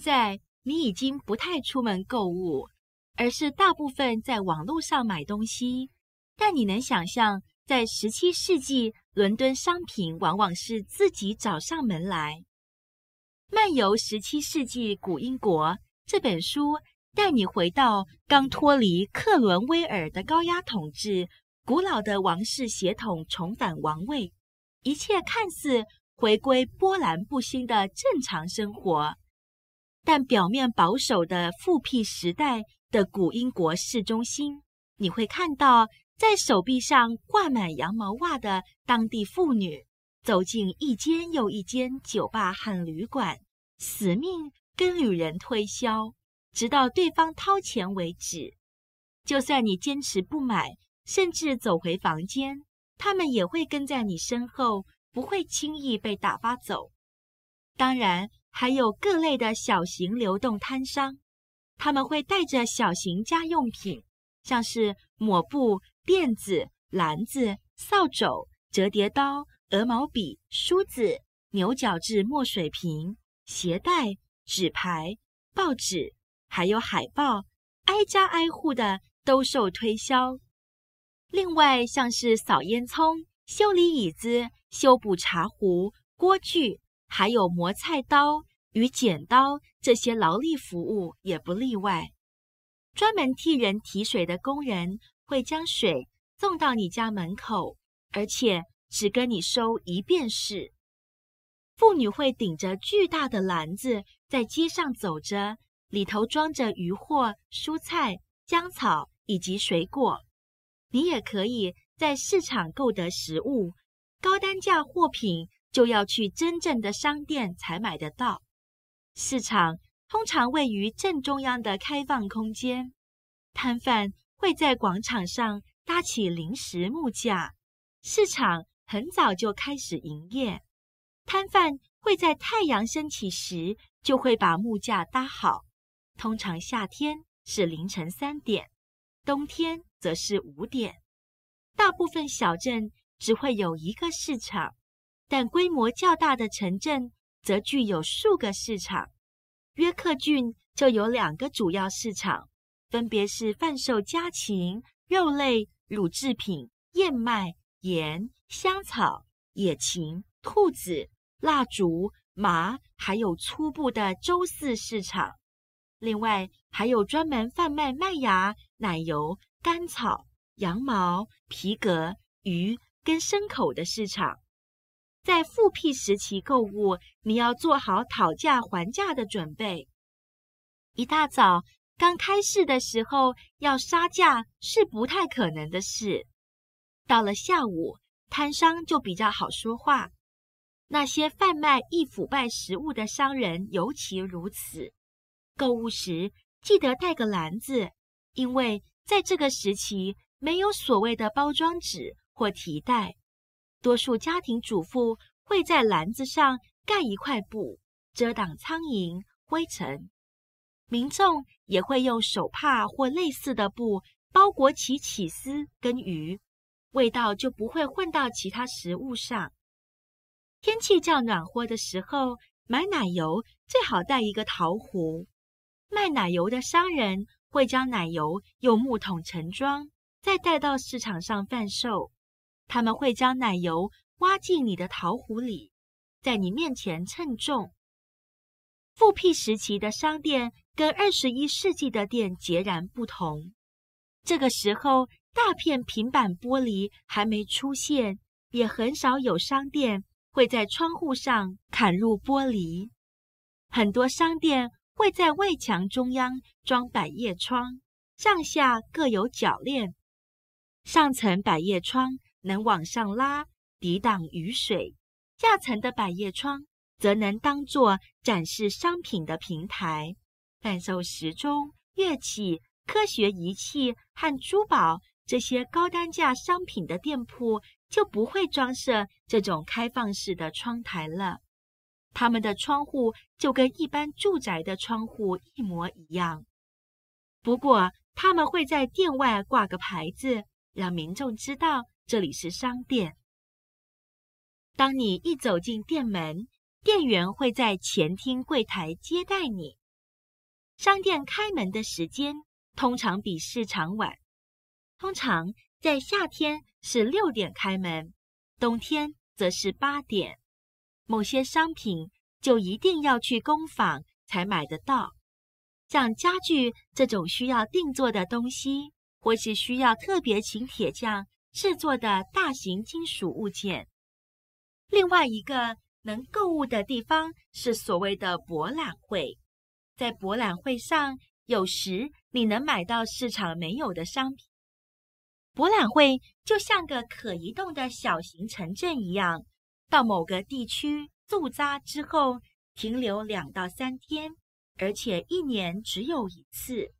現在你已經不太出門購物，而是大部分在網絡上買東西。但你能想象，在十七世紀倫敦，商品往往是自己找上門來。《漫遊十七世紀古英國》這本書帶你回到剛脫離克倫威爾的高壓統治、古老的王室血統重返王位，一切看似回歸波瀾不興的正常生活。但表面保守的復辟時代的古英國市中心，你會看到在手臂上掛滿羊毛襪的當地婦女走進一間又一間酒吧和旅館，死命跟旅人推銷，直到對方掏錢為止。就算你堅持不買，甚至走回房間，他們也會跟在你身後，不會輕易被打發走。當然，還有各類的小型流動攤商，他們會帶着小型家用品，像是抹布、墊子、籃子、掃帚、折疊刀、鵝毛筆、梳子、牛角制墨水瓶、鞋帶、紙牌、報紙，還有海報，挨家挨戶的兜售推銷。另外，像是掃煙囪、修理椅子、修補茶壺、鍋具。還有磨菜刀與剪刀這些勞力服務也不例外。專門替人提水的工人會將水送到你家門口，而且只跟你收一便士。婦女會頂着巨大的籃子在街上走着，裡頭裝着魚貨、蔬菜、香草以及水果。你也可以在市場購得食物、高單價貨品，就要去真正的商店才買得到。市場通常位於正中央的開放空間，攤販會在廣場上搭起臨時木架。市場很早就開始營業，攤販會在太陽升起時就會把木架搭好。通常夏天是凌晨三點，冬天則是五點。大部分小鎮只會有一個市場。但規模較大的城鎮則具有數個市場。約克郡就有兩個主要市場，分別是販售家禽、肉類、乳制品、燕麥、鹽、香草、野禽、兔子、蠟燭、麻，還有粗布的周四市場。另外，還有專門販賣麥芽、奶油、甘草、羊毛、皮革、魚跟牲口的市場。在復辟時期購物，你要做好討價還價的準備。一大早剛開市的時候要殺價是不太可能的事。到了下午，攤商就比較好說話。那些販賣易腐敗食物的商人尤其如此。購物時記得帶個籃子，因為在這個時期沒有所謂的包裝紙或提袋。多數家庭主婦會在籃子上蓋一塊布，遮擋蒼蠅、灰塵。民眾也會用手帕或類似的布包裹起起司跟魚，味道就不會混到其他食物上。天氣較暖和的時候，買奶油最好帶一個陶壺。賣奶油的商人會將奶油用木桶盛裝，再帶到市場上販售。他們會將奶油挖進你的陶壺裡，在你面前稱重。復辟時期的商店跟二十一世紀的店截然不同。這個時候，大片平板玻璃還沒出現，也很少有商店會在窗戶上砍入玻璃。很多商店會在外牆中央裝百葉窗，上下各有鉸鏈，上層百葉窗。能往上拉，抵擋雨水。下層的百葉窗則能當作展示商品的平台。販售時鐘、樂器、科學儀器和珠寶這些高單價商品的店鋪就不會裝設這種開放式的窗台了。他們的窗戶就跟一般住宅的窗戶一模一樣，不過他們會在店外掛個牌子，讓民眾知道。這裡是商店。當你一走進店門，店員會在前廳櫃檯接待你。商店開門的時間通常比市場晚，通常在夏天是六點開門，冬天則是八點。某些商品就一定要去工坊才買得到，像家具這種需要定做的東西，或是需要特別請鐵匠。製作的大型金屬物件。另外一個能購物的地方是所謂的博覽會。在博覽會上，有時你能買到市場沒有的商品。博覽會就像個可移動的小型城鎮一樣，到某個地區駐紮之後停留兩到三天，而且一年只有一次。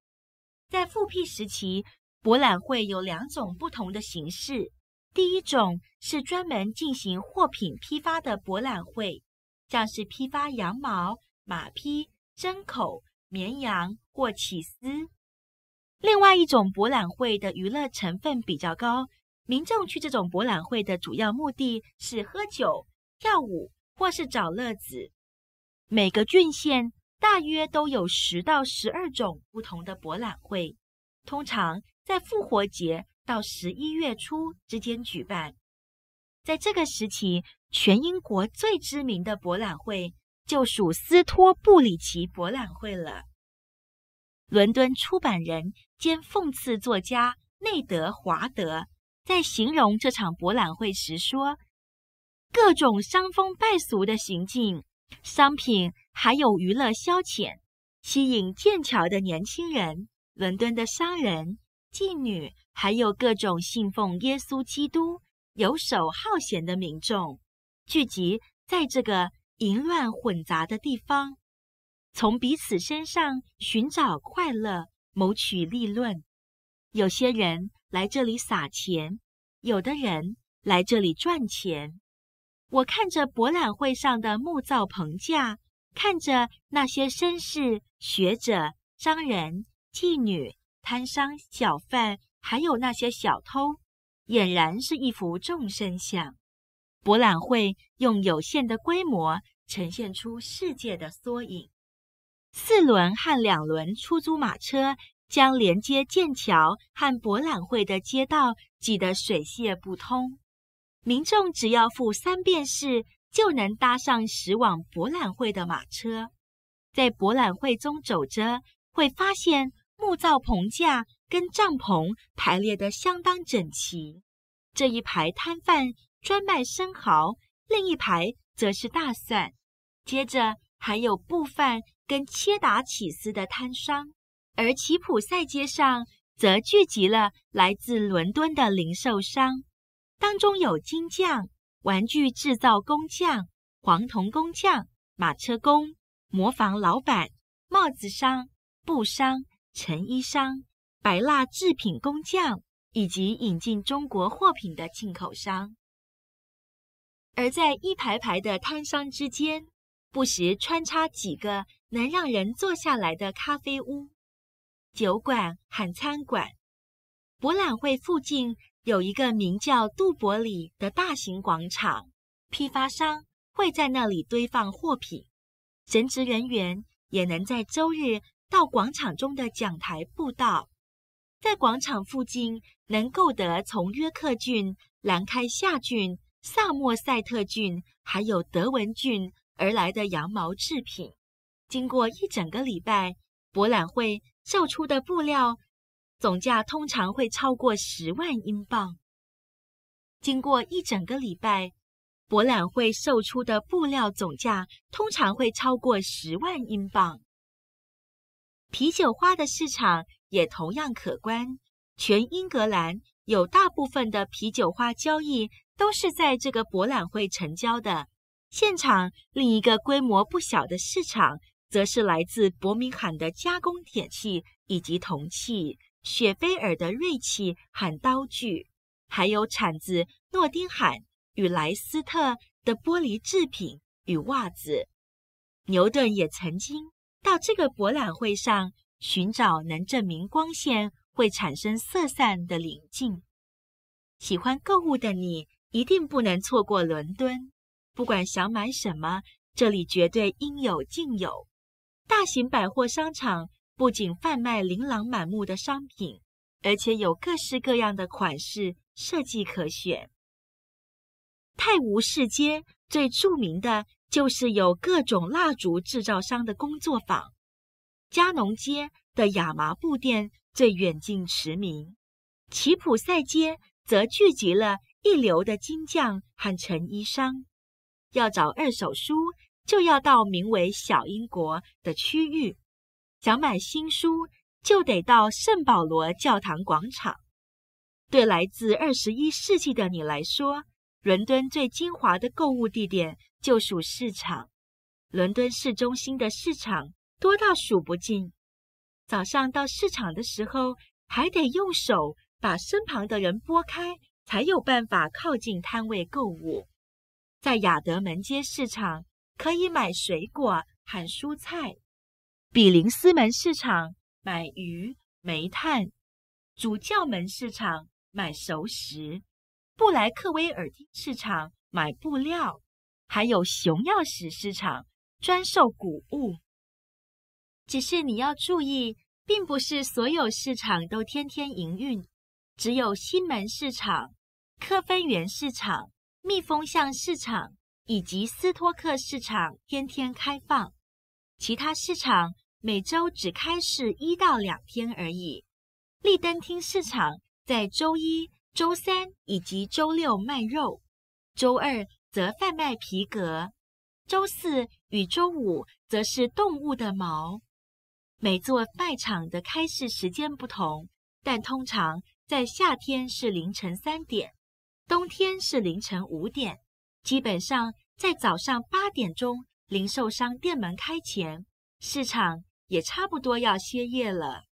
在復辟時期，博覽會有兩種不同的形式。第一種是專門進行貨品批發的博覽會，像是批發羊毛、馬匹、牲口、綿羊或起司。另外一種博覽會的娛樂成分比較高，民眾去這種博覽會的主要目的是喝酒、跳舞或是找樂子。每個郡縣大約都有十到十二種不同的博覽會，通常，在復活節到十一月初之間舉辦，在這個時期，全英國最知名的博覽會就屬斯托布里奇博覽會了。倫敦出版人兼諷刺作家內德·華德在形容這場博覽會時說：“各種傷風敗俗的行徑、商品還有娛樂消遣，吸引劍橋的年輕人、倫敦的商人。”妓女，還有各種信奉耶穌基督、遊手好閒的民眾，聚集在這個淫亂混雜的地方，從彼此身上尋找快樂，謀取利潤。有些人來這裡撒錢，有的人來這裡賺錢。我看着博覽會上的木造棚架，看着那些紳士、學者、商人、妓女。攤商、小販，還有那些小偷，儼然是一幅眾生相。博覽會用有限的規模，呈現出世界的縮影。四輪和兩輪出租馬車將連接劍橋和博覽會的街道擠得水泄不通。民眾只要付三便士，就能搭上駛往博覽會的馬車。在博覽會中走着，會發現，木造棚架跟帳篷排列得相當整齊。這一排攤販專賣生蠔，另一排則是大蒜。接着還有部分跟切達起司的攤商，而奇普賽街上則聚集了來自倫敦的零售商，當中有金匠、玩具制造工匠、黃銅工匠、馬車工、磨坊老闆、帽子商、布商。成衣商、白蠟制品工匠以及引進中國貨品的進口商，而在一排排的攤商之間，不時穿插幾個能讓人坐下來的咖啡屋、酒館和餐館。博覽會附近有一個名叫杜博里的大型廣場，批發商會在那裡堆放貨品，神職人員也能在周日到廣場中的講台佈道，在廣場附近能購得從約克郡、蘭開夏郡、薩默塞特郡，還有德文郡而來的羊毛製品。經過一整個禮拜，博覽會售出的布料總價通常會超過十萬英鎊。經過一整個禮拜，博覽會售出的布料總價通常會超過十萬英鎊。啤酒花的市場也同樣可觀。全英格蘭有大部分的啤酒花交易都是在這個博覽會成交的。現場另一個規模不小的市場，則是來自伯明翰的加工鐵器以及銅器、雪菲爾的銳器和刀具，還有產自諾丁漢與萊斯特的玻璃制品與襪子。牛頓也曾經到這個博覽會上尋找能證明光線會產生色散的棱鏡。喜歡購物的你一定不能錯過倫敦，不管想買什麼，這裡絕對應有盡有。大型百貨商場不僅販賣琳琅滿目的商品，而且有各式各樣的款式設計可選。泰晤士街最著名的。就是有各種蠟燭製造商的工作坊，加農街的亞麻布店最遠近馳名，奇普賽街則聚集了一流的金匠和成衣商。要找二手書，就要到名為“小英國”的區域；想買新書，就得到聖保羅教堂廣場。對來自二十一世紀的你來說，倫敦最精華的購物地點就屬市場。倫敦市中心的市場多到數不盡。早上到市場的時候，還得用手把身旁的人撥開，才有辦法靠近攤位購物。在亞德門街市場可以買水果和蔬菜，比林斯門市場買魚、煤炭，主教門市場買熟食。布萊克威爾廳市場買布料，還有熊鑰匙市場專售穀物。只是你要注意，並不是所有市場都天天營運，只有新門市場、科芬園市場、蜜蜂巷市場以及斯托克市場天天開放，其他市場每周只開市一到兩天而已。利登廳市場在周一，週三以及週六賣肉，週二則販賣皮革，週四與週五則是動物的毛。每座賣場的開市時間不同，但通常在夏天是凌晨三點，冬天是凌晨五點。基本上在早上八點鐘零售商店門開前，市場也差不多要歇業了。